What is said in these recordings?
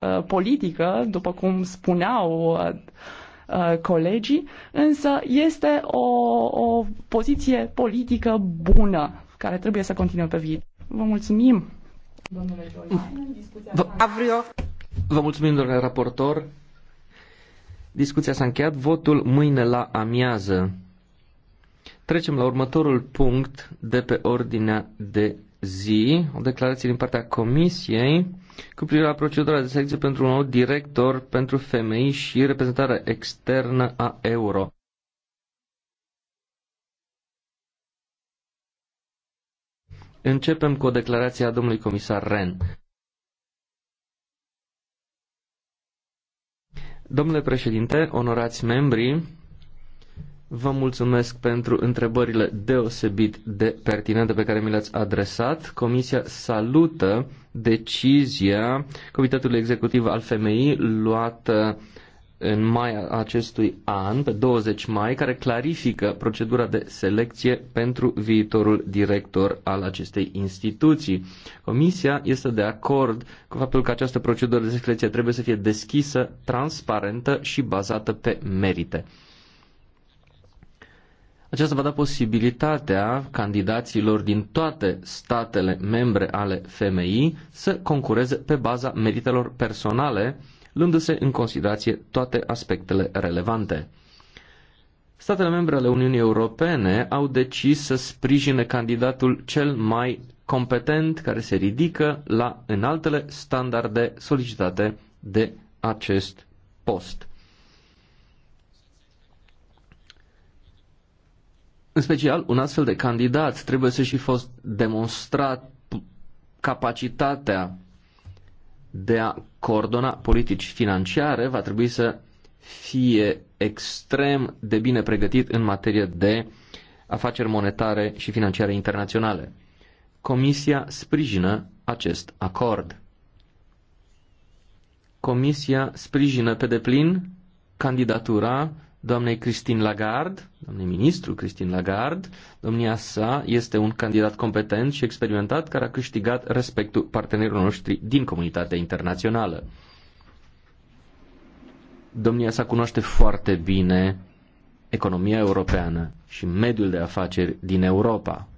Uh, politică, după cum spuneau uh, uh, colegii, însă este o, o poziție politică bună care trebuie să continue pe viitor. Vă mulțumim! Domnule Avrio. Vă mulțumim, domnule raportor. Discuția s-a încheiat. Votul mâine la amiază. Trecem la următorul punct de pe ordinea de zi o declarație din partea Comisiei cu privire la procedura de selecție pentru un nou director pentru femei și reprezentarea externă a euro. Începem cu o declarație a domnului comisar Ren. Domnule președinte, onorați membri, Vă mulțumesc pentru întrebările deosebit de pertinente pe care mi le-ați adresat. Comisia salută decizia Comitetului Executiv al FMI luată în mai acestui an, pe 20 mai, care clarifică procedura de selecție pentru viitorul director al acestei instituții. Comisia este de acord cu faptul că această procedură de selecție trebuie să fie deschisă, transparentă și bazată pe merite. Aceasta va da posibilitatea candidaților din toate statele membre ale FMI să concureze pe baza meritelor personale, luându-se în considerație toate aspectele relevante. Statele membre ale Uniunii Europene au decis să sprijine candidatul cel mai competent care se ridică la înaltele standarde solicitate de acest post. În special, un astfel de candidat trebuie să și fost demonstrat capacitatea de a coordona politici financiare, va trebui să fie extrem de bine pregătit în materie de afaceri monetare și financiare internaționale. Comisia sprijină acest acord. Comisia sprijină pe deplin candidatura doamnei Christine Lagarde, doamnei ministru Christine Lagarde. Domnia sa este un candidat competent și experimentat care a câștigat respectul partenerilor noștri din comunitatea internațională. Domnia sa cunoaște foarte bine economia europeană și mediul de afaceri din Europa.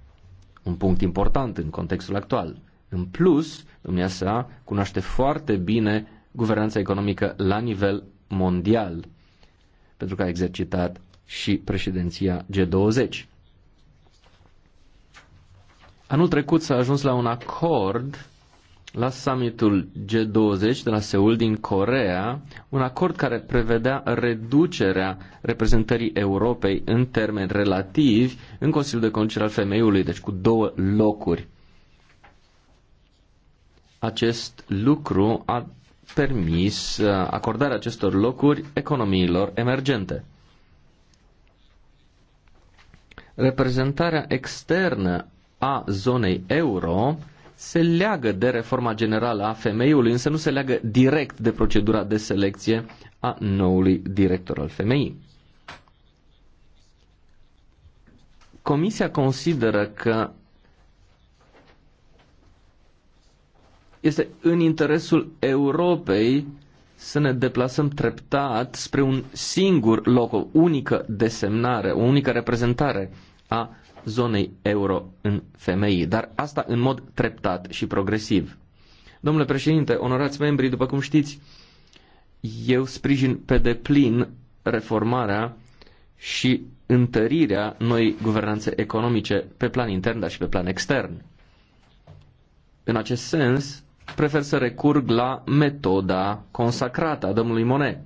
Un punct important în contextul actual. În plus, domnia sa cunoaște foarte bine guvernanța economică la nivel mondial pentru că a exercitat și președinția G20. Anul trecut s-a ajuns la un acord la summitul G20 de la Seul din Corea, un acord care prevedea reducerea reprezentării Europei în termeni relativi în Consiliul de Conducere al Femeiului, deci cu două locuri. Acest lucru a permis uh, acordarea acestor locuri economiilor emergente. Reprezentarea externă a zonei euro se leagă de reforma generală a femeiului, însă nu se leagă direct de procedura de selecție a noului director al femeii. Comisia consideră că este în interesul Europei să ne deplasăm treptat spre un singur loc, o unică desemnare, o unică reprezentare a zonei euro în femei, dar asta în mod treptat și progresiv. Domnule președinte, onorați membrii, după cum știți, eu sprijin pe deplin reformarea și întărirea noi guvernanțe economice pe plan intern, dar și pe plan extern. În acest sens, prefer să recurg la metoda consacrată a domnului Monet.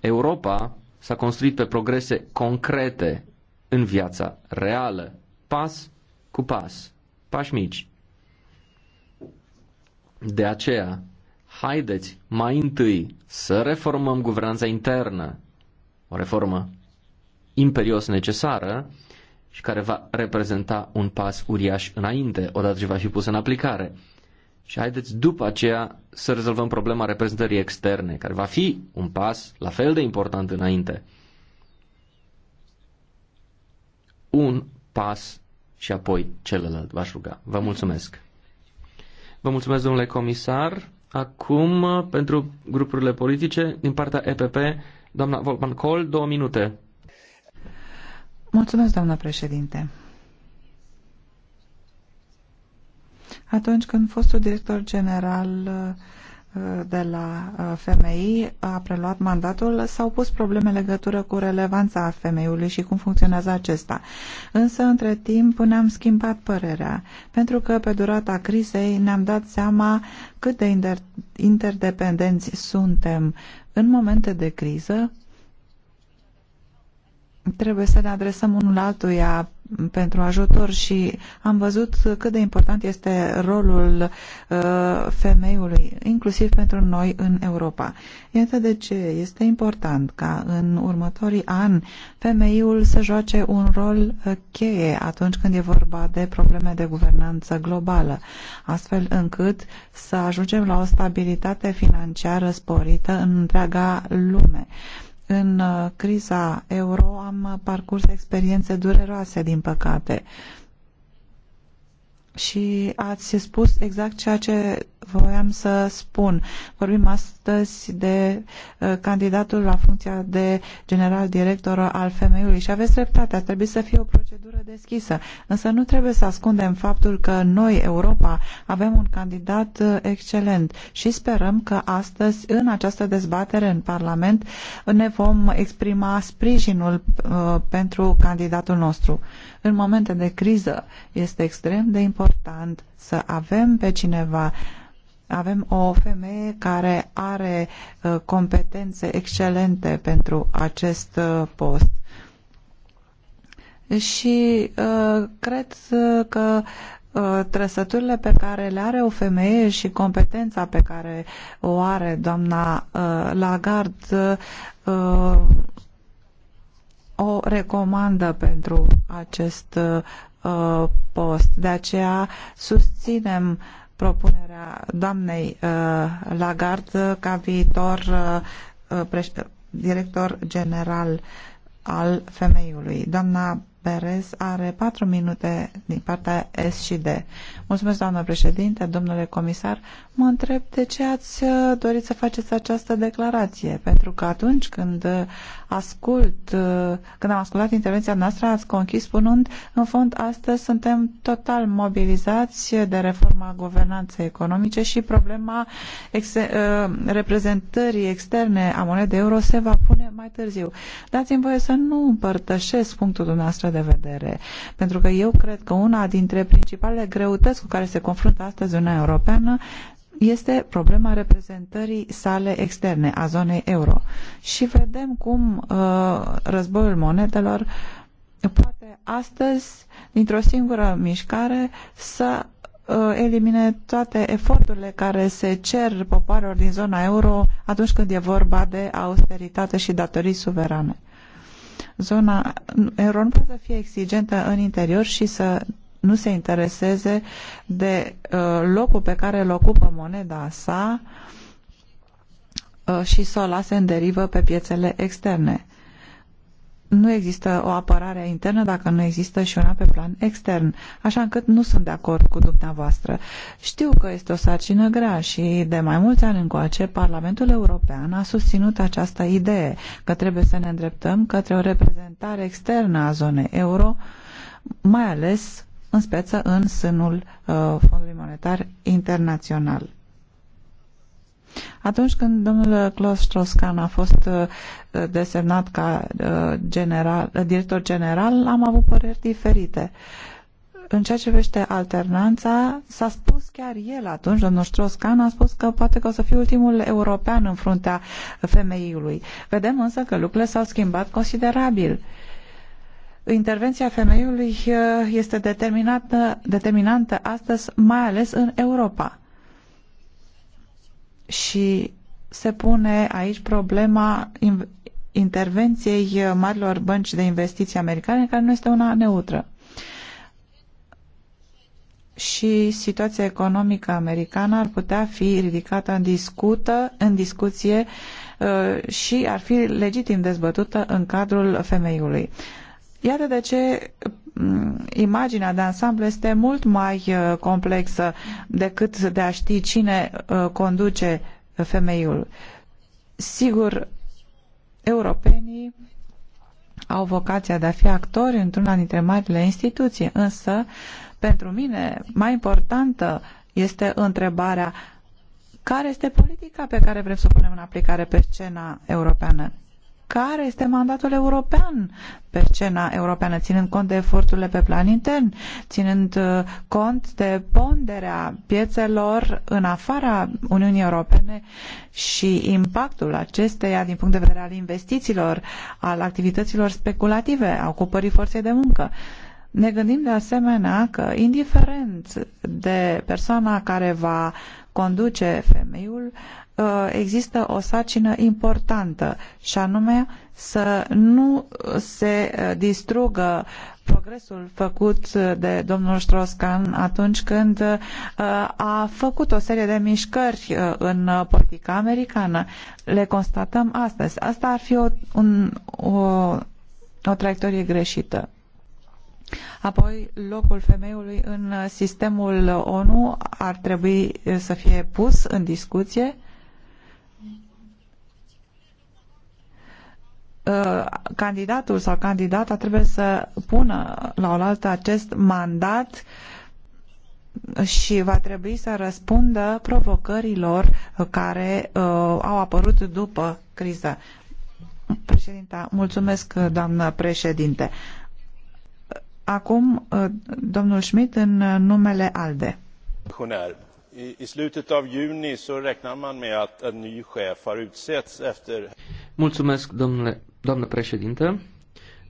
Europa s-a construit pe progrese concrete în viața reală, pas cu pas, pași mici. De aceea, haideți mai întâi să reformăm guvernanța internă, o reformă imperios necesară și care va reprezenta un pas uriaș înainte, odată ce va fi pusă în aplicare și haideți după aceea să rezolvăm problema reprezentării externe, care va fi un pas la fel de important înainte. Un pas și apoi celălalt, v-aș ruga. Vă mulțumesc. Vă mulțumesc, domnule comisar. Acum, pentru grupurile politice, din partea EPP, doamna Volpan Col, două minute. Mulțumesc, doamna președinte. atunci când fostul director general uh, de la uh, FMI a preluat mandatul, s-au pus probleme legătură cu relevanța femeiului și cum funcționează acesta. Însă, între timp, ne-am schimbat părerea, pentru că pe durata crizei ne-am dat seama cât de interdependenți suntem. În momente de criză, trebuie să ne adresăm unul altuia pentru ajutor și am văzut cât de important este rolul uh, femeiului, inclusiv pentru noi în Europa. Iată de ce este important ca în următorii ani femeiul să joace un rol uh, cheie atunci când e vorba de probleme de guvernanță globală, astfel încât să ajungem la o stabilitate financiară sporită în întreaga lume în uh, criza euro am parcurs experiențe dureroase, din păcate. Și ați spus exact ceea ce voiam să spun. Vorbim astăzi astăzi de uh, candidatul la funcția de general director al femeiului și aveți dreptate, ar trebui să fie o procedură deschisă. Însă nu trebuie să ascundem faptul că noi, Europa, avem un candidat uh, excelent și sperăm că astăzi, în această dezbatere în Parlament, ne vom exprima sprijinul uh, pentru candidatul nostru. În momente de criză este extrem de important să avem pe cineva avem o femeie care are uh, competențe excelente pentru acest uh, post și uh, cred uh, că uh, trăsăturile pe care le are o femeie și competența pe care o are doamna uh, Lagarde o recomandă pentru acest post. De aceea susținem uh, propunerea doamnei uh, Lagarde ca viitor uh, uh, director general al femeiului. Doamna Perez are patru minute din partea S și D. Mulțumesc, doamnă președinte, domnule comisar. Mă întreb de ce ați uh, dorit să faceți această declarație, pentru că atunci când uh, ascult, uh, când am ascultat intervenția noastră, ați conchis spunând, în fond, astăzi suntem total mobilizați de reforma guvernanței economice și problema ex reprezentării externe a monedei euro se va pune mai târziu. Dați-mi voie să nu împărtășesc punctul dumneavoastră de vedere, pentru că eu cred că una dintre principalele greutăți cu care se confruntă astăzi Uniunea Europeană este problema reprezentării sale externe a zonei euro. Și vedem cum uh, războiul monedelor poate astăzi, dintr-o singură mișcare, să uh, elimine toate eforturile care se cer popoarelor din zona euro atunci când e vorba de austeritate și datorii suverane. Zona euro nu poate să fie exigentă în interior și să nu se intereseze de uh, locul pe care îl ocupă moneda sa uh, și să o lase în derivă pe piețele externe. Nu există o apărare internă dacă nu există și una pe plan extern, așa încât nu sunt de acord cu dumneavoastră. Știu că este o sarcină grea și de mai mulți ani încoace Parlamentul European a susținut această idee că trebuie să ne îndreptăm către o reprezentare externă a zonei euro, mai ales în speță în sânul uh, Fondului Monetar Internațional. Atunci când domnul Klaus Stroskan a fost uh, desemnat ca uh, general, director general, am avut păreri diferite. În ceea ce vește alternanța, s-a spus chiar el atunci, domnul Stroskan a spus că poate că o să fie ultimul european în fruntea femeiului. Vedem însă că lucrurile s-au schimbat considerabil Intervenția femeiului uh, este determinată, determinantă astăzi, mai ales în Europa. Și se pune aici problema intervenției uh, marilor bănci de investiții americane, care nu este una neutră. Și situația economică americană ar putea fi ridicată în, discută, în discuție uh, și ar fi legitim dezbătută în cadrul femeiului. Iată de ce mm, imaginea de ansamblu este mult mai uh, complexă decât de a ști cine uh, conduce femeiul. Sigur, europenii au vocația de a fi actori într-una dintre marile instituții, însă pentru mine mai importantă este întrebarea care este politica pe care vrem să o punem în aplicare pe scena europeană? care este mandatul european pe scena europeană, ținând cont de eforturile pe plan intern, ținând uh, cont de ponderea piețelor în afara Uniunii Europene și impactul acesteia din punct de vedere al investițiilor, al activităților speculative, a ocupării forței de muncă. Ne gândim de asemenea că, indiferent de persoana care va conduce femeiul, Uh, există o sarcină importantă și anume să nu se uh, distrugă progresul făcut de domnul Strauss-Kahn atunci când uh, a făcut o serie de mișcări în politica americană. Le constatăm astăzi. Asta ar fi o, un, o, o traiectorie greșită. Apoi, locul femeiului în sistemul ONU ar trebui să fie pus în discuție Uh, candidatul sau candidata trebuie să pună la oaltă acest mandat și va trebui să răspundă provocărilor care uh, au apărut după criză. Președinta, mulțumesc, doamnă președinte. Acum, uh, domnul Schmidt, în numele ALDE. Mulțumesc, domnule Doamnă președintă,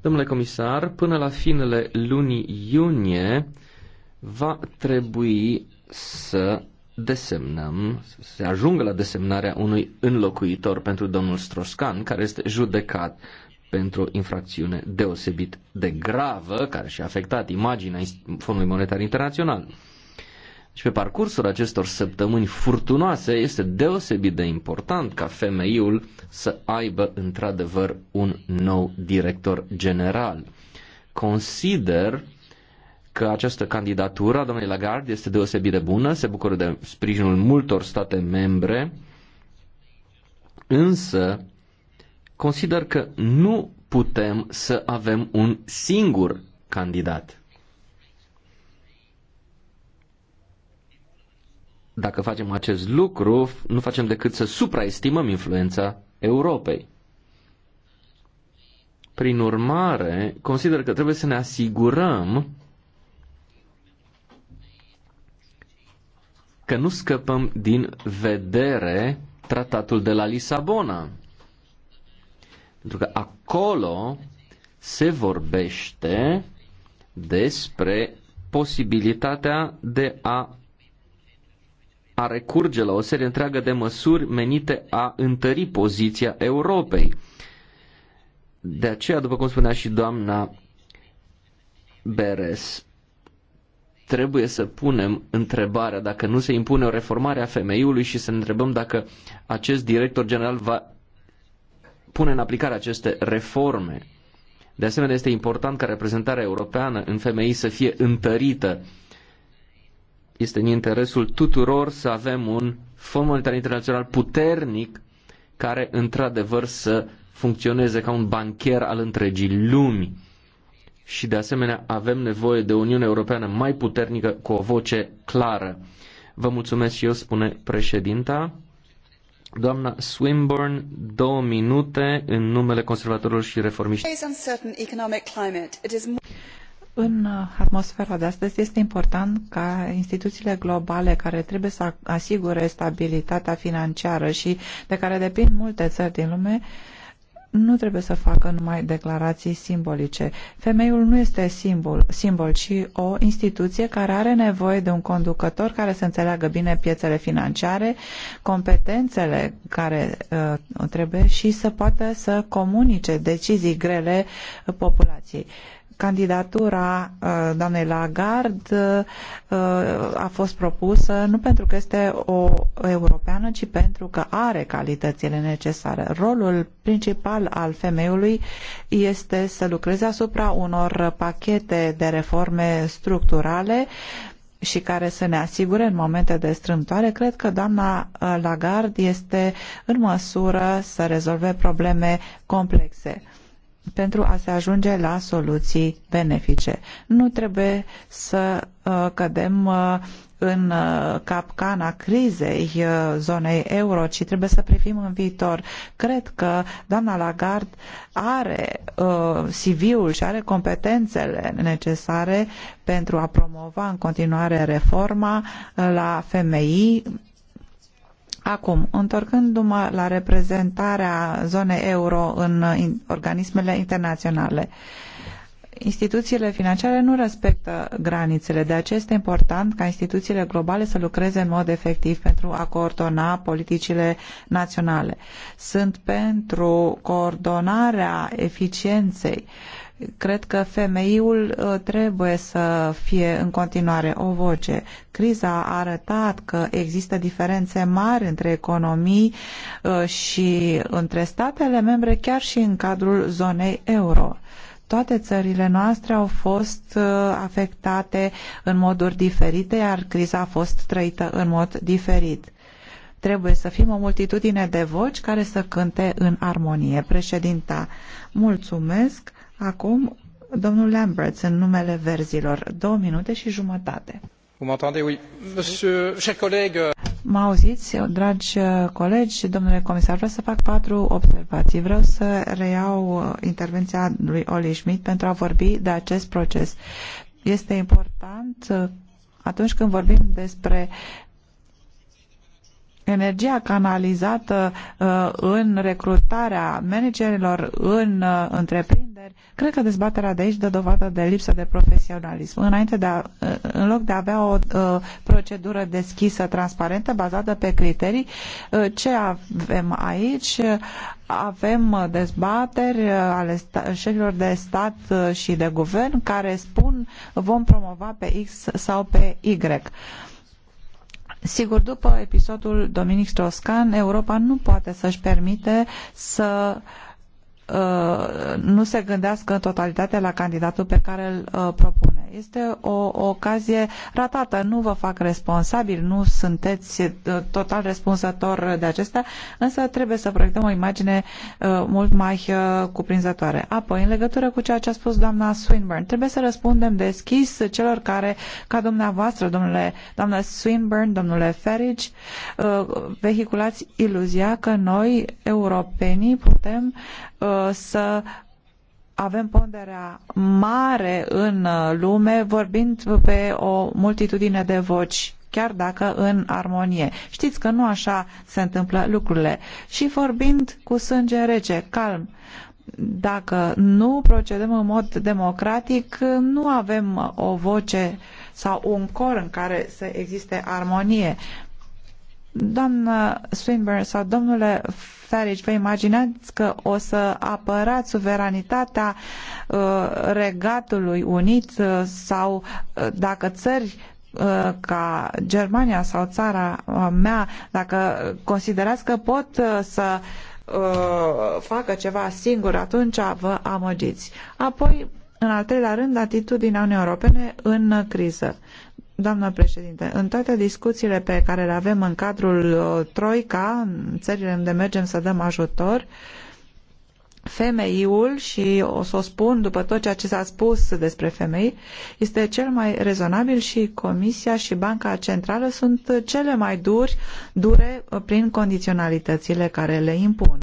domnule comisar, până la finele lunii iunie va trebui să desemnăm, să se ajungă la desemnarea unui înlocuitor pentru domnul Stroscan, care este judecat pentru o infracțiune deosebit de gravă, care și-a afectat imaginea Fondului Monetar Internațional. Și pe parcursul acestor săptămâni furtunoase este deosebit de important ca femeiul să aibă într-adevăr un nou director general. Consider că această candidatură a domnului Lagarde este deosebit de bună, se bucură de sprijinul multor state membre, însă consider că nu putem să avem un singur candidat. Dacă facem acest lucru, nu facem decât să supraestimăm influența Europei. Prin urmare, consider că trebuie să ne asigurăm că nu scăpăm din vedere tratatul de la Lisabona. Pentru că acolo se vorbește despre posibilitatea de a a recurge la o serie întreagă de măsuri menite a întări poziția Europei. De aceea, după cum spunea și doamna Beres, trebuie să punem întrebarea dacă nu se impune o reformare a femeiului și să ne întrebăm dacă acest director general va pune în aplicare aceste reforme. De asemenea, este important ca reprezentarea europeană în femei să fie întărită este în interesul tuturor să avem un fond monetar internațional puternic care într-adevăr să funcționeze ca un bancher al întregii lumi. Și de asemenea avem nevoie de Uniunea Uniune Europeană mai puternică cu o voce clară. Vă mulțumesc și eu, spune președinta. Doamna Swinburne, două minute în numele conservatorilor și reformiști. În atmosfera de astăzi este important ca instituțiile globale care trebuie să asigure stabilitatea financiară și de care depind multe țări din lume nu trebuie să facă numai declarații simbolice. Femeiul nu este simbol, simbol, ci o instituție care are nevoie de un conducător care să înțeleagă bine piețele financiare, competențele care uh, trebuie și să poată să comunice decizii grele uh, populației. Uh, candidatura uh, doamnei Lagarde uh, a fost propusă nu pentru că este o europeană, ci pentru că are calitățile necesare. Rolul principal al femeiului este să lucreze asupra unor pachete de reforme structurale și care să ne asigure în momente de strâmtoare, cred că doamna uh, Lagarde este în măsură să rezolve probleme complexe pentru a se ajunge la soluții benefice. Nu trebuie să uh, cădem uh, în uh, capcana crizei zonei euro, ci trebuie să privim în viitor. Cred că doamna Lagarde are CV-ul și are competențele necesare pentru a promova în continuare reforma la FMI, Acum, întorcându-mă la reprezentarea zonei euro în organismele internaționale, instituțiile financiare nu respectă granițele, de aceea este important ca instituțiile globale să lucreze în mod efectiv pentru a coordona politicile naționale. Sunt pentru coordonarea eficienței uh, Cred că femeiul uh, trebuie să fie în continuare o voce. Criza a arătat că există diferențe mari între economii uh, și între statele membre, chiar și în cadrul zonei euro toate țările noastre au fost uh, afectate în moduri diferite, iar criza a fost trăită în mod diferit. Trebuie să fim o multitudine de voci care să cânte în armonie. Președinta, mulțumesc. Acum, domnul Lambert, în numele verzilor, două minute și jumătate. Mă auziți, dragi colegi, domnule comisar, vreau să fac patru observații. Vreau să reiau uh, intervenția lui Oli Schmidt pentru a vorbi de acest proces. Este important uh, atunci când vorbim despre energia canalizată uh, în recrutarea managerilor în întreprinderi Cred că dezbaterea de aici dă dovadă de lipsă de profesionalism. Înainte de a, în loc de a avea o uh, procedură deschisă, transparentă, bazată pe criterii, uh, ce avem aici? Avem dezbateri ă, ale șefilor de stat și de guvern care spun vom promova pe X sau pe Y. Sigur, după episodul Dominic Stroscan, Europa nu poate să-și permite să uh, nu se gândească în totalitate la candidatul pe care îl uh, propune. Este o, o ocazie ratată, nu vă fac responsabil, nu sunteți uh, total răspunzător de acestea, însă trebuie să proiectăm o imagine uh, mult mai cuprinzătoare. Apoi, în legătură cu ceea ce a spus doamna Swinburne, trebuie să răspundem deschis celor care, ca dumneavoastră, domnule, doamna Swinburne, domnule Ferrici, vehiculați iluzia că noi, europenii, putem uh, să avem ponderea mare în uh, lume, vorbind pe o multitudine de voci chiar dacă în armonie. Știți că nu așa se întâmplă lucrurile. Și vorbind cu sânge rece, calm, dacă nu procedăm în mod democratic, nu avem o voce sau un cor în care să existe armonie. Doamnă Swinburne sau domnule Farage, vă imaginați că o să apărați suveranitatea uh, Regatului Unit uh, sau uh, dacă țări uh, ca Germania sau țara uh, mea, dacă considerați că pot uh, să facă ceva singur, atunci vă amăgiți. Apoi în al treilea rând, atitudinea Uniunii Europene în criză. Doamna președinte, în toate discuțiile pe care le avem în cadrul uh, Troica, în țările unde mergem să dăm ajutor, femeiul, și o să o spun după tot ceea ce s-a spus despre femei, este cel mai rezonabil și Comisia și Banca Centrală sunt cele mai duri, dure uh, prin condiționalitățile care le impun.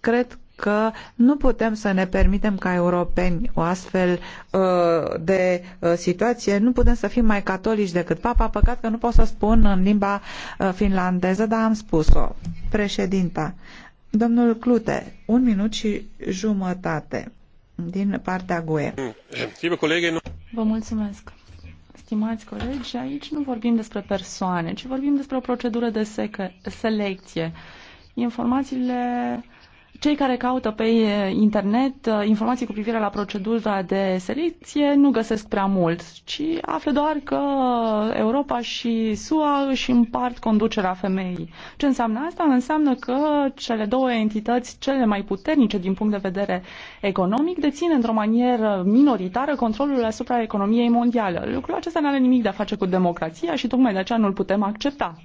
Cred că nu putem să ne permitem ca europeni o astfel uh, de uh, situație, nu putem să fim mai catolici decât papa, păcat că nu pot să spun în limba uh, finlandeză, dar am spus-o. Președinta, domnul Clute, un minut și jumătate din partea GUE. Vă mulțumesc. Stimați colegi, aici nu vorbim despre persoane, ci vorbim despre o procedură de selecție. Informațiile cei care caută pe eh, internet eh, informații cu privire la procedura de selecție nu găsesc prea mult, ci află doar că Europa și SUA își împart conducerea femeii. Ce înseamnă asta? Înseamnă că cele două entități cele mai puternice din punct de vedere economic dețin într-o manieră minoritară controlul asupra economiei mondiale. Lucrul acesta nu are nimic de a face cu democrația și tocmai de aceea nu-l putem accepta.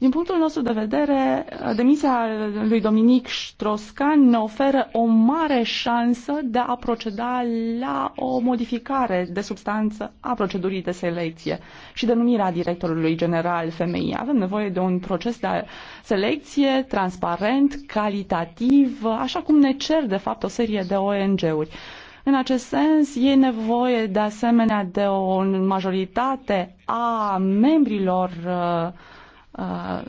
Din punctul nostru de vedere, demisia lui Dominic Stroscan ne oferă o mare șansă de a proceda la o modificare de substanță a procedurii de selecție și de numirea directorului general femeii. Avem nevoie de un proces de selecție transparent, calitativ, așa cum ne cer de fapt o serie de ONG-uri. În acest sens, e nevoie de asemenea de o majoritate a membrilor uh, Uh,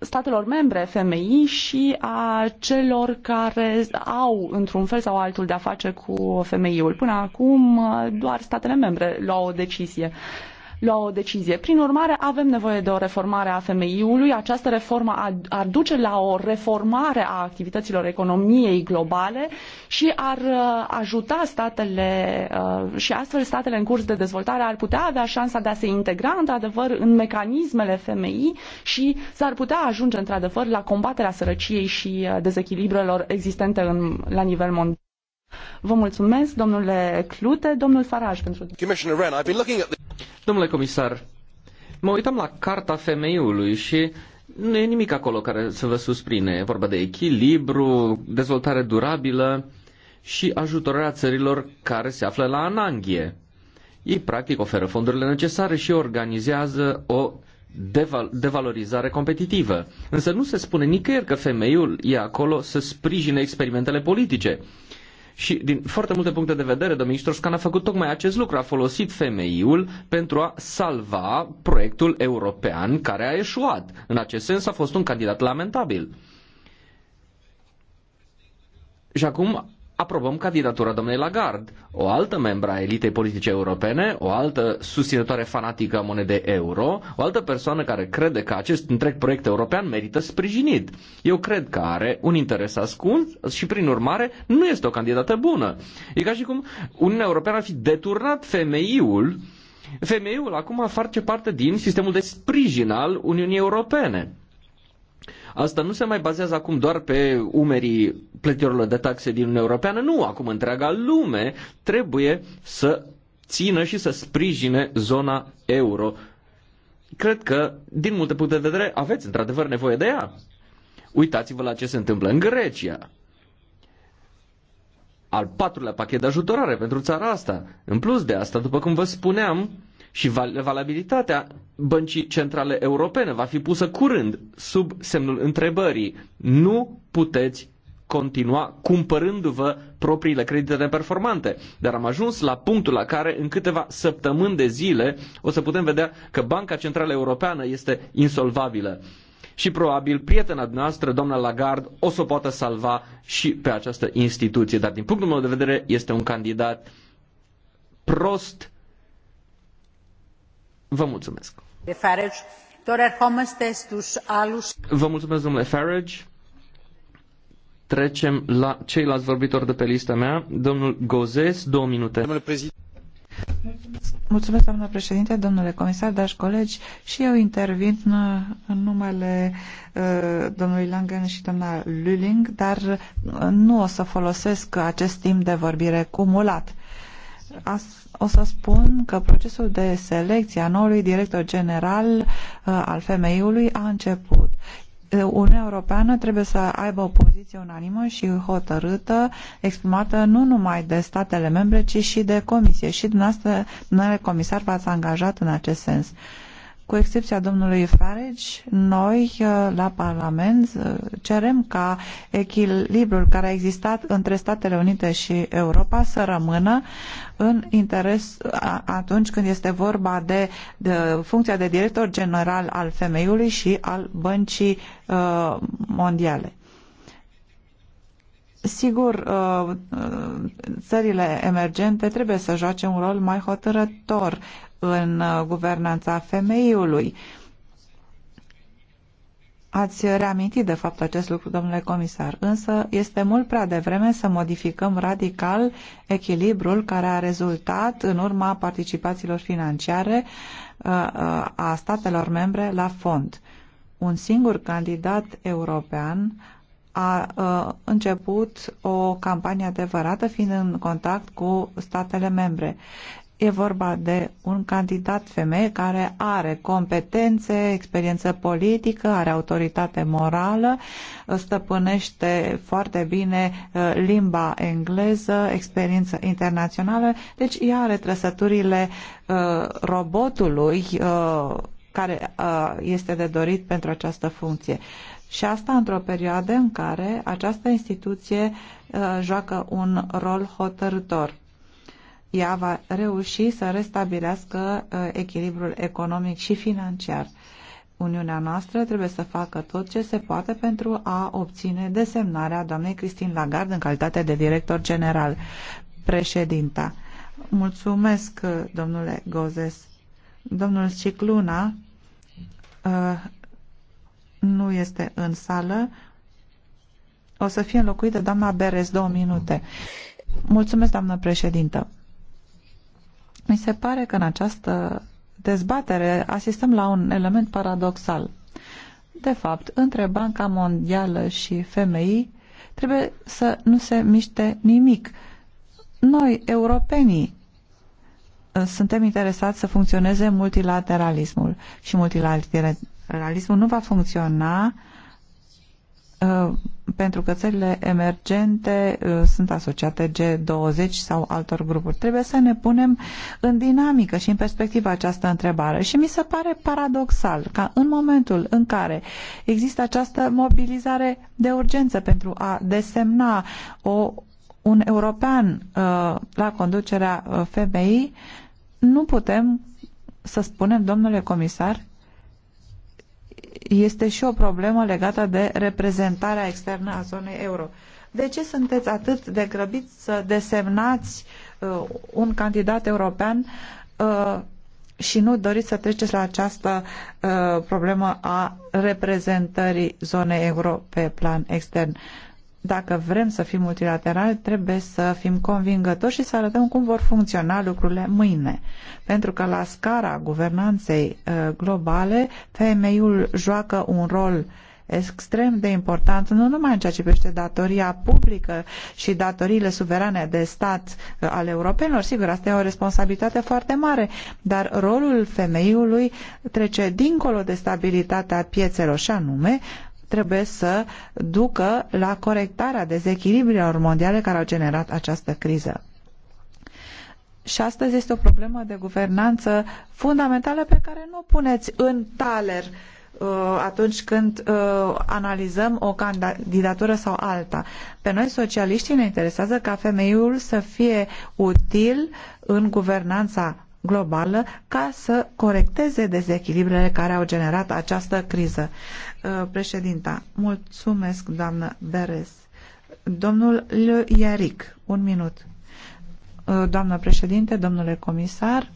statelor membre FMI și a celor care au într-un fel sau altul de a face cu FMI-ul. Până acum uh, doar statele membre luau o decizie. Uh, lua o decizie. Prin urmare, avem nevoie de o reformare a femeiului. Această reformă ar, ar duce la o reformare a activităților economiei globale și ar uh, ajuta statele uh, și astfel statele în curs de dezvoltare ar putea avea șansa de a se integra într-adevăr în mecanismele FMI și s-ar putea ajunge într-adevăr la combaterea sărăciei și uh, dezechilibrelor existente în, la nivel mondial. Vă mulțumesc, domnule Clute, domnul Faraj, pentru... Domnule comisar, mă uitam la Carta Femeiului și nu e nimic acolo care să vă susprine. E vorba de echilibru, dezvoltare durabilă și ajutorarea țărilor care se află la ananghie. Ei practic oferă fondurile necesare și organizează o deval- devalorizare competitivă. Însă nu se spune nicăieri că femeiul e acolo să sprijine experimentele politice. Și din foarte multe puncte de vedere, domnul Ștroscan a făcut tocmai acest lucru, a folosit femeiul pentru a salva proiectul european care a eșuat. În acest sens a fost un candidat lamentabil. Și acum aprobăm candidatura domnului Lagarde, o altă membra a elitei politice europene, o altă susținătoare fanatică a monedei euro, o altă persoană care crede că acest întreg proiect european merită sprijinit. Eu cred că are un interes ascuns și, prin urmare, nu este o candidată bună. E ca și cum Uniunea Europeană ar fi deturnat femeiul. Femeiul acum face parte din sistemul de sprijin al Uniunii Europene. Asta nu se mai bazează acum doar pe umerii plătitorilor de taxe din Uniunea Europeană, nu, acum întreaga lume trebuie să țină și să sprijine zona euro. Cred că, din multe puncte de vedere, aveți într-adevăr nevoie de ea. Uitați-vă la ce se întâmplă în Grecia. Al patrulea pachet de ajutorare pentru țara asta. În plus de asta, după cum vă spuneam, și valabilitatea băncii centrale europene va fi pusă curând sub semnul întrebării. Nu puteți continua cumpărându-vă propriile credite neperformante. Dar am ajuns la punctul la care în câteva săptămâni de zile o să putem vedea că Banca Centrală Europeană este insolvabilă. Și probabil prietena noastră, doamna Lagarde, o să o poată salva și pe această instituție. Dar din punctul meu de vedere este un candidat prost Vă mulțumesc. Vă mulțumesc, domnule Farage. Trecem la ceilalți vorbitori de pe lista mea. Domnul Gozes, două minute. Domnule președinte. Mulțumesc, mulțumesc președinte, domnule comisar, dragi colegi, și eu intervin uh, în numele uh, domnului Langen și doamna Lulling, dar uh, nu o să folosesc acest timp de vorbire cumulat. Uh, o să spun că procesul de selecție a noului director general uh, al femeiului a început. Uniunea Europeană trebuie să aibă o poziție unanimă și hotărâtă, exprimată nu numai de statele membre, ci și de comisie. Și dumneavoastră, domnule comisar, v-ați angajat în acest sens. Uh, cu excepția domnului Farage, noi uh, la Parlament uh, cerem ca echilibrul care a existat între Statele Unite și Europa să rămână în interes atunci când este vorba de, de funcția de director general al femeiului și al băncii uh, mondiale. Sigur, uh, uh, țările emergente trebuie să joace un rol mai hotărător în uh, guvernanța femeiului. Ați reamintit de fapt acest lucru, domnule comisar, însă este mult prea devreme să modificăm radical echilibrul care a rezultat în urma participațiilor financiare a statelor membre la fond. Un singur candidat european a început o campanie adevărată, fiind în contact cu statele membre. E vorba de un candidat femeie care are competențe, experiență politică, are autoritate morală, stăpânește foarte bine limba engleză, experiență internațională, deci ea are trăsăturile robotului care este de dorit pentru această funcție. Și asta într-o perioadă în care această instituție uh, joacă un rol hotărător. Ea va reuși să restabilească uh, echilibrul economic și financiar. Uniunea noastră trebuie să facă tot ce se poate pentru a obține desemnarea doamnei Cristin Lagarde în calitate de director general. Președinta. Mulțumesc, uh, domnule Gozes. Domnul Cicluna nu este în sală. O să fie înlocuit de doamna Beres două minute. Mulțumesc, doamnă președintă. Mi se pare că în această dezbatere asistăm la un element paradoxal. De fapt, între Banca Mondială și FMI trebuie să nu se miște nimic. Noi, europenii, suntem interesați să funcționeze multilateralismul și multilater Realismul nu va funcționa uh, pentru că țările emergente uh, sunt asociate G20 sau altor grupuri. Trebuie să ne punem în dinamică și în perspectivă această întrebare. Și mi se pare paradoxal ca în momentul în care există această mobilizare de urgență pentru a desemna o, un european uh, la conducerea FBI, nu putem să spunem, domnule comisar, este și o problemă legată de reprezentarea externă a zonei euro. De ce sunteți atât de grăbiți să desemnați uh, un candidat european uh, și nu doriți să treceți la această uh, problemă a reprezentării zonei euro pe plan extern? Uh, dacă vrem să fim multilaterali, trebuie să fim convingători și să arătăm cum vor funcționa lucrurile mâine. Pentru că la scara guvernanței uh, globale, femeiul joacă un rol extrem de important, nu numai în ceea ce privește datoria publică și datoriile suverane de stat uh, ale europenilor, sigur, asta e o responsabilitate foarte mare, dar rolul femeiului trece dincolo de stabilitatea piețelor și anume trebuie să ducă la corectarea dezechilibrilor mondiale care au generat această criză. Și astăzi este o problemă de guvernanță fundamentală pe care nu o puneți în taler uh, atunci când uh, analizăm o candidatură sau alta. Pe noi, socialiștii, ne interesează ca femeiul să fie util în guvernanța globală ca să corecteze dezechilibrele care au generat această criză. Uh, președinta, mulțumesc, doamnă Beres. Domnul Iaric, un minut. Uh, doamnă președinte, domnule comisar,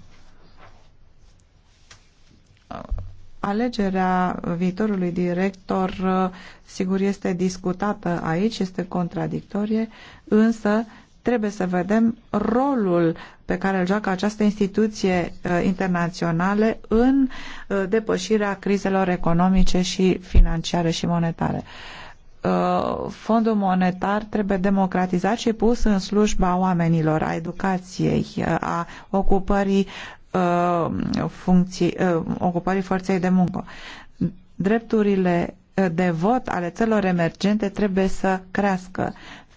uh, alegerea viitorului director sigur este discutată aici, este contradictorie, însă Trebuie să vedem rolul pe care îl joacă această instituție uh, internațională în uh, depășirea crizelor economice și financiare și monetare uh, fondul monetar trebuie democratizat și pus în slujba oamenilor, a educației, a ocupării, funcții, ocupării forței de muncă. Drepturile de vot ale țărilor emergente trebuie să crească.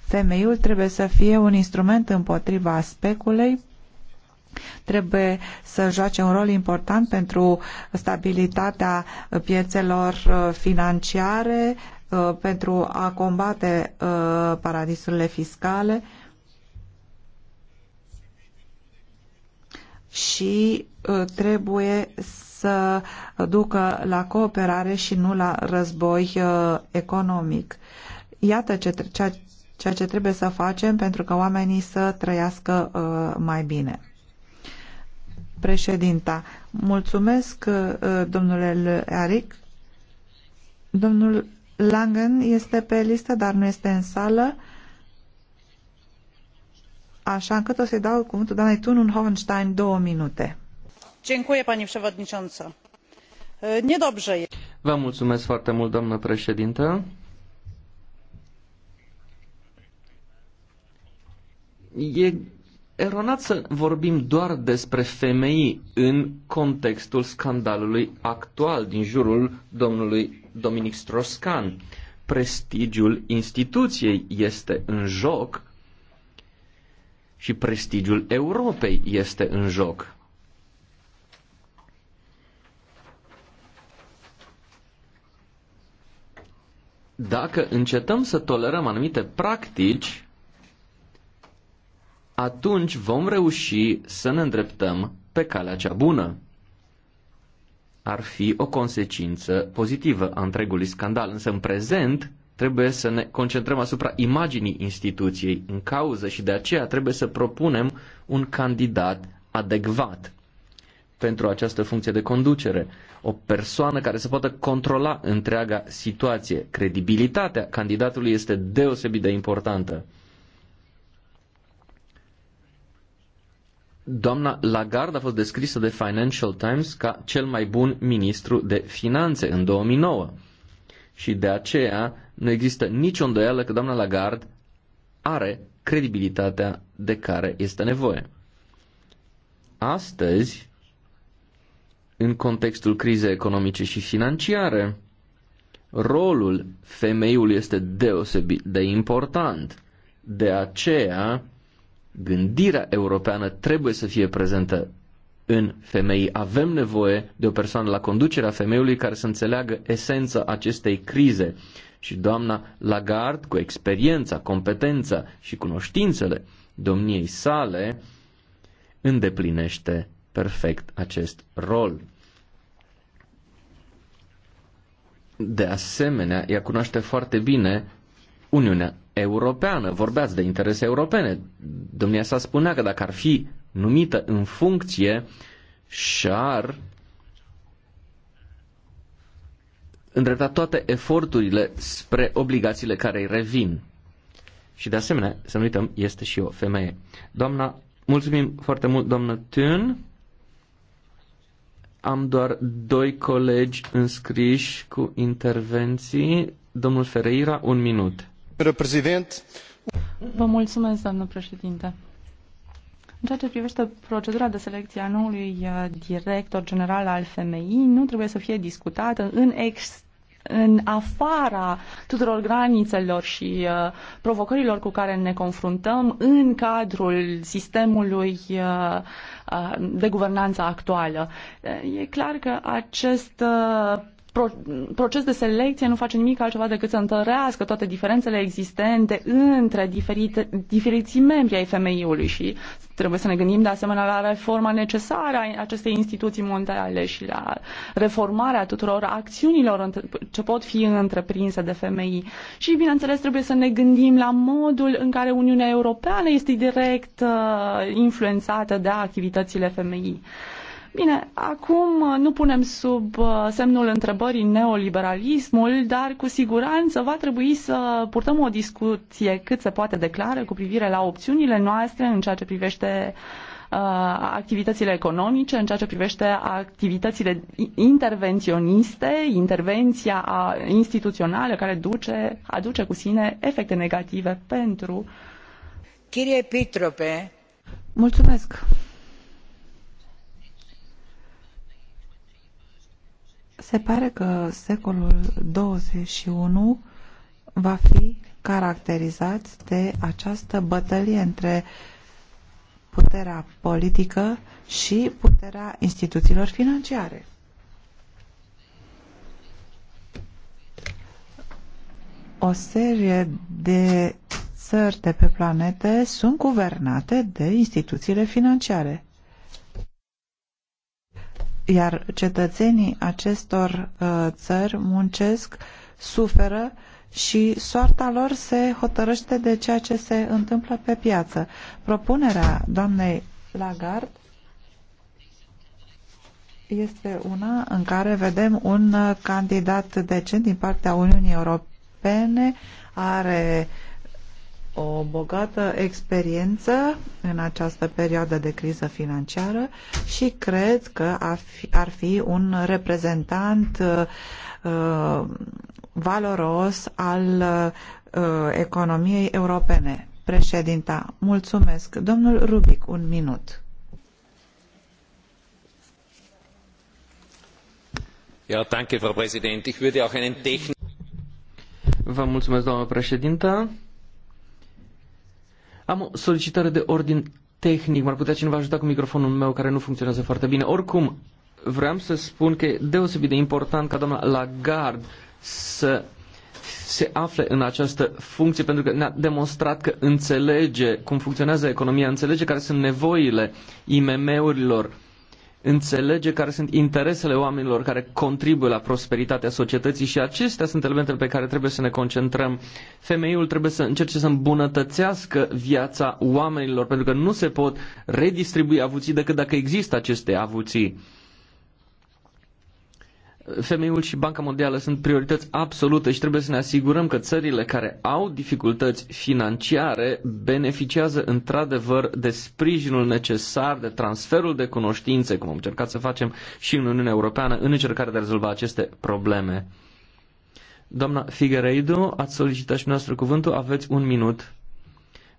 Femeiul trebuie să fie un instrument împotriva speculei, trebuie să joace un rol important pentru stabilitatea piețelor uh, financiare, uh, pentru a combate uh, paradisurile fiscale și trebuie să ducă la cooperare și nu la război economic. Iată ce, ceea ceea ce trebuie să facem pentru ca oamenii să trăiască uh, mai bine. Președinta, mulțumesc uh, domnule Aric. Domnul Langen este pe listă, dar nu este în sală. Așa încât o să-i dau cuvântul doamnei Tunun Hohenstein două minute. Dziękuję, pani przewodnicząca. Niedobrze Vă mulțumesc foarte mult, doamnă președintă. E eronat să vorbim doar despre femei în contextul scandalului actual din jurul domnului Dominic Stroscan. Prestigiul instituției este în joc și prestigiul Europei este în joc. Dacă încetăm să tolerăm anumite practici, atunci vom reuși să ne îndreptăm pe calea cea bună. Ar fi o consecință pozitivă a întregului scandal, însă în prezent trebuie să ne concentrăm asupra imaginii instituției în cauză și de aceea trebuie să propunem un candidat adecvat pentru această funcție de conducere, o persoană care să poată controla întreaga situație. Credibilitatea candidatului este deosebit de importantă. Doamna Lagarde a fost descrisă de Financial Times ca cel mai bun ministru de finanțe în 2009. Și de aceea nu există nicio îndoială că doamna Lagarde are credibilitatea de care este nevoie. Astăzi, în contextul crizei economice și financiare, rolul femeiului este deosebit de important. De aceea, gândirea europeană trebuie să fie prezentă în femei. Avem nevoie de o persoană la conducerea femeiului care să înțeleagă esența acestei crize. Și doamna Lagarde, cu experiența, competența și cunoștințele domniei sale, îndeplinește perfect acest rol. De asemenea, ea cunoaște foarte bine Uniunea Europeană. Vorbeați de interese europene. Domnia sa spunea că dacă ar fi numită în funcție, și-ar îndrepta toate eforturile spre obligațiile care îi revin. Și de asemenea, să nu uităm, este și o femeie. Doamna, mulțumim foarte mult, doamnă Tun. Am doar doi colegi înscriși cu intervenții. Domnul Ferreira, un minut. În ceea ce privește procedura de selecție a noului uh, director general al FMI, nu trebuie să fie discutată în ex în afara tuturor granițelor și uh, provocărilor cu care ne confruntăm în cadrul sistemului uh, uh, de guvernanță actuală. E clar că acest uh, proces de selecție nu face nimic altceva decât să întărească toate diferențele existente între diferite, diferiții membri ai femeiului și trebuie să ne gândim de asemenea la reforma necesară a acestei instituții mondiale și la reformarea tuturor acțiunilor ce pot fi întreprinse de femei. Și, bineînțeles, trebuie să ne gândim la modul în care Uniunea Europeană este direct uh, influențată de activitățile femeii. Bine, acum uh, nu punem sub uh, semnul întrebării neoliberalismul, dar cu siguranță va trebui să purtăm o discuție cât se poate de clară cu privire la opțiunile noastre în ceea ce privește uh, activitățile economice, în ceea ce privește activitățile intervenționiste, intervenția instituțională care duce, aduce cu sine efecte negative pentru. Chirie Pitrope. Mulțumesc. Se pare că secolul 21 va fi caracterizat de această bătălie între puterea politică și puterea instituțiilor financiare. O serie de țări de pe planete sunt guvernate de instituțiile financiare iar cetățenii acestor uh, țări muncesc, suferă și soarta lor se hotărăște de ceea ce se întâmplă pe piață. Propunerea doamnei Lagarde este una în care vedem un uh, candidat decent din partea Uniunii Europene, are o bogată experiență în această perioadă de criză financiară și cred că ar fi, ar fi un reprezentant uh, uh valoros al uh, economiei europene. Președinta, mulțumesc. Domnul Rubic, un minut. Ja, danke, Frau Präsident. Ich würde auch einen Techn Vă mulțumesc, doamnă președintă. Am o solicitare de ordin tehnic. M-ar putea cineva ajuta cu microfonul meu care nu funcționează foarte bine. Oricum, vreau să spun că e deosebit de important ca doamna Lagarde să se afle în această funcție pentru că ne-a demonstrat că înțelege cum funcționează economia, înțelege care sunt nevoile IMM-urilor înțelege care sunt interesele oamenilor care contribuie la prosperitatea societății și acestea sunt elementele pe care trebuie să ne concentrăm. Femeiul trebuie să încerce să îmbunătățească viața oamenilor, pentru că nu se pot redistribui avuții decât dacă există aceste avuții. FMI-ul și Banca Mondială sunt priorități absolute și trebuie să ne asigurăm că țările care au dificultăți financiare beneficiază într-adevăr de sprijinul necesar, de transferul de cunoștințe, cum am încercat să facem și în Uniunea Europeană, în încercarea de a rezolva aceste probleme. Doamna Figueiredo, ați solicitat și noastră cuvântul, aveți un minut.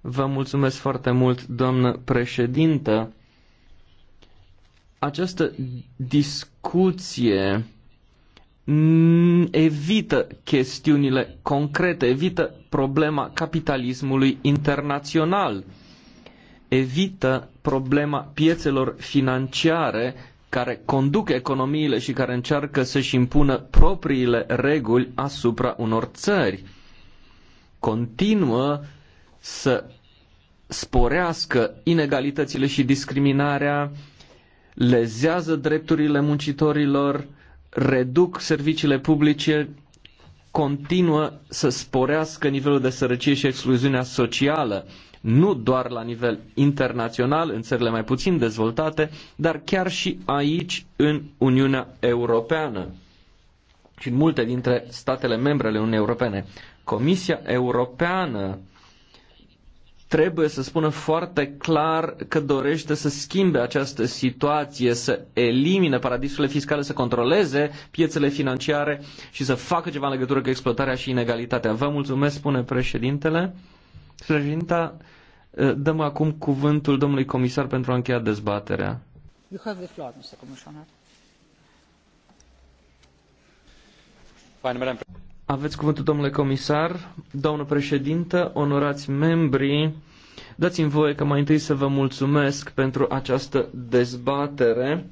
Vă mulțumesc foarte mult, doamnă președintă. Această discuție Mm, evită chestiunile concrete, evită problema capitalismului internațional, evită problema piețelor financiare care conduc economiile și care încearcă să-și impună propriile reguli asupra unor țări. Continuă să sporească inegalitățile și discriminarea, lezează drepturile muncitorilor, reduc serviciile publice continuă să sporească nivelul de sărăcie și excluziunea socială, nu doar la nivel internațional, în țările mai puțin dezvoltate, dar chiar și aici, în Uniunea Europeană și în multe dintre statele membre ale Uniunii Europene. Comisia Europeană trebuie să spună foarte clar că dorește să schimbe această situație, să elimine paradisurile fiscale, să controleze piețele financiare și să facă ceva în legătură cu exploatarea și inegalitatea. Vă mulțumesc, spune președintele. Președinta, eh, dăm acum cuvântul domnului comisar pentru a încheia dezbaterea. You have the floor, Mr. Commissioner. Aveți cuvântul, domnule comisar, doamnă președintă, onorați membri. Dați-mi voie că mai întâi să vă mulțumesc pentru această dezbatere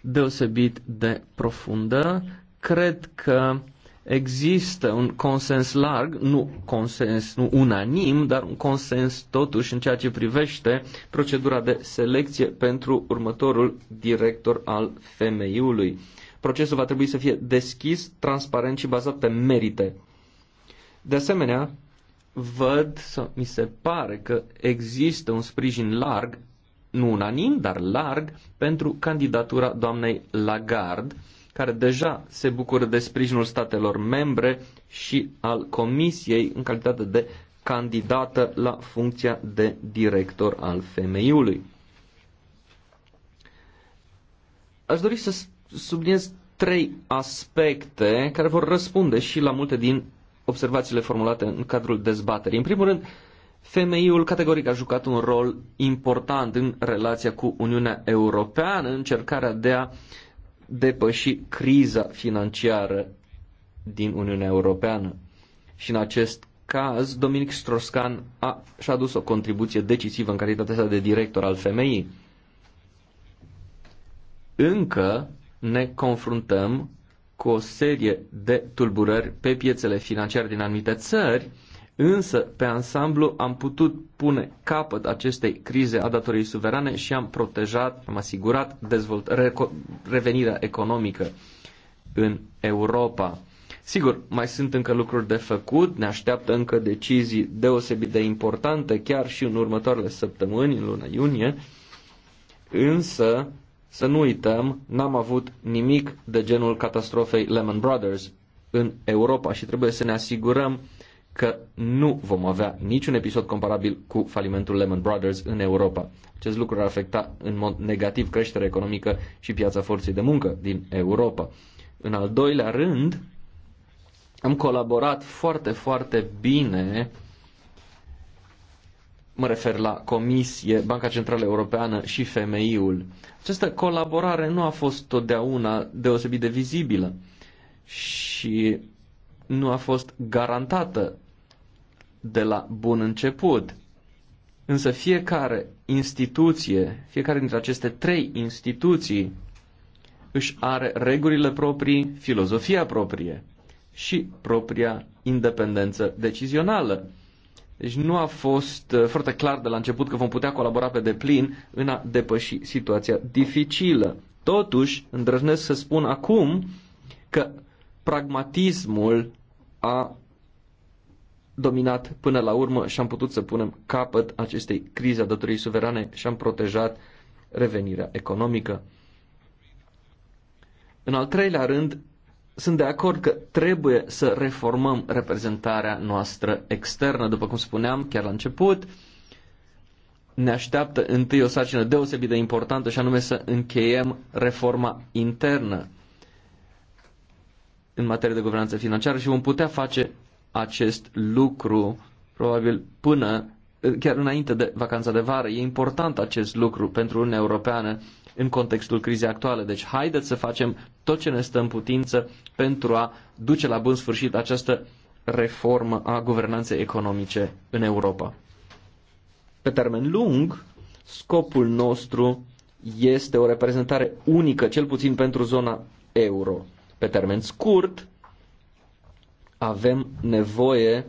deosebit de profundă. Cred că există un consens larg, nu consens nu unanim, dar un consens totuși în ceea ce privește procedura de selecție pentru următorul director al femeiului. Procesul va trebui să fie deschis, transparent și bazat pe merite. De asemenea, văd sau mi se pare că există un sprijin larg, nu unanim, dar larg, pentru candidatura doamnei Lagarde, care deja se bucură de sprijinul statelor membre și al Comisiei în calitate de candidată la funcția de director al femeiului. Aș dori să subliniez trei aspecte care vor răspunde și la multe din observațiile formulate în cadrul dezbaterii. În primul rând, femeiul categoric a jucat un rol important în relația cu Uniunea Europeană, în încercarea de a depăși criza financiară din Uniunea Europeană. Și în acest caz, Dominic Stroscan a, și-a adus o contribuție decisivă în calitatea sa de director al femeii. Încă ne confruntăm cu o serie de tulburări pe piețele financiare din anumite țări, însă pe ansamblu am putut pune capăt acestei crize a datoriei suverane și am protejat, am asigurat dezvolt, re, revenirea economică în Europa. Sigur, mai sunt încă lucruri de făcut, ne așteaptă încă decizii deosebit de importante, chiar și în următoarele săptămâni, în luna iunie, însă să nu uităm, n-am avut nimic de genul catastrofei Lehman Brothers în Europa și trebuie să ne asigurăm că nu vom avea niciun episod comparabil cu falimentul Lehman Brothers în Europa. Acest lucru ar afecta în mod negativ creșterea economică și piața forței de muncă din Europa. În al doilea rând, am colaborat foarte, foarte bine Mă refer la Comisie, Banca Centrală Europeană și FMI-ul. Această colaborare nu a fost totdeauna deosebit de vizibilă și nu a fost garantată de la bun început. Însă fiecare instituție, fiecare dintre aceste trei instituții își are regulile proprii, filozofia proprie și propria independență decizională. Deci nu a fost uh, foarte clar de la început că vom putea colabora pe deplin în a depăși situația dificilă. Totuși, îndrăznesc să spun acum că pragmatismul a dominat până la urmă și am putut să punem capăt acestei crize a datoriei suverane și am protejat revenirea economică. În al treilea rând, sunt de acord că trebuie să reformăm reprezentarea noastră externă, după cum spuneam chiar la început. Ne așteaptă întâi o sarcină deosebit de importantă și anume să încheiem reforma internă în materie de guvernanță financiară și vom putea face acest lucru probabil până chiar înainte de vacanța de vară. E important acest lucru pentru Uniunea Europeană în contextul crizei actuale. Deci haideți să facem tot ce ne stă în putință pentru a duce la bun sfârșit această reformă a guvernanței economice în Europa. Pe termen lung, scopul nostru este o reprezentare unică, cel puțin pentru zona euro. Pe termen scurt, avem nevoie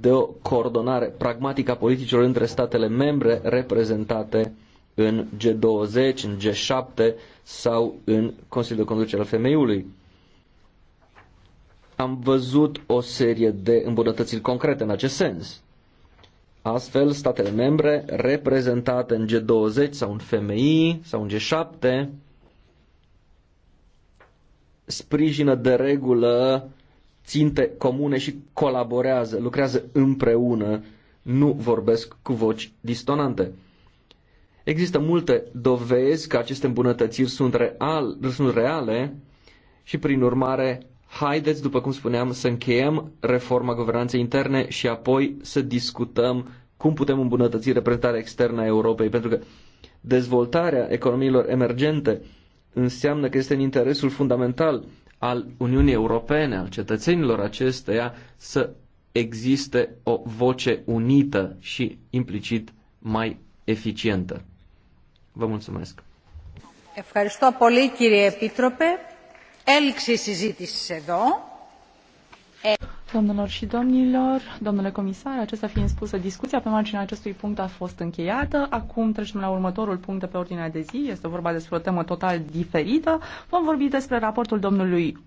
de o coordonare pragmatică a politicilor între statele membre reprezentate în G20, în G7 sau în Consiliul de Conducere al Femeiului. Am văzut o serie de îmbunătățiri concrete în acest sens. Astfel, statele membre reprezentate în G20 sau în FMI sau în G7 sprijină de regulă ținte comune și colaborează, lucrează împreună, nu vorbesc cu voci distonante. Există multe dovezi că aceste îmbunătățiri sunt, real, sunt reale și, prin urmare, haideți, după cum spuneam, să încheiem reforma guvernanței interne și apoi să discutăm cum putem îmbunătăți reprezentarea externă a Europei, pentru că dezvoltarea economiilor emergente înseamnă că este în interesul fundamental al Uniunii Europene, al cetățenilor acesteia, să existe o voce unită și implicit mai eficientă. Vă mulțumesc. Ευχαριστώ πολύ κύριε Επίτροπε. συζήτηση εδώ. Domnilor și domnilor, domnule comisar, acesta fiind spusă, discuția pe marginea acestui punct a fost încheiată. Acum trecem la următorul punct de pe ordinea de zi. Este vorba despre o temă total diferită. Vom vorbi despre raportul domnului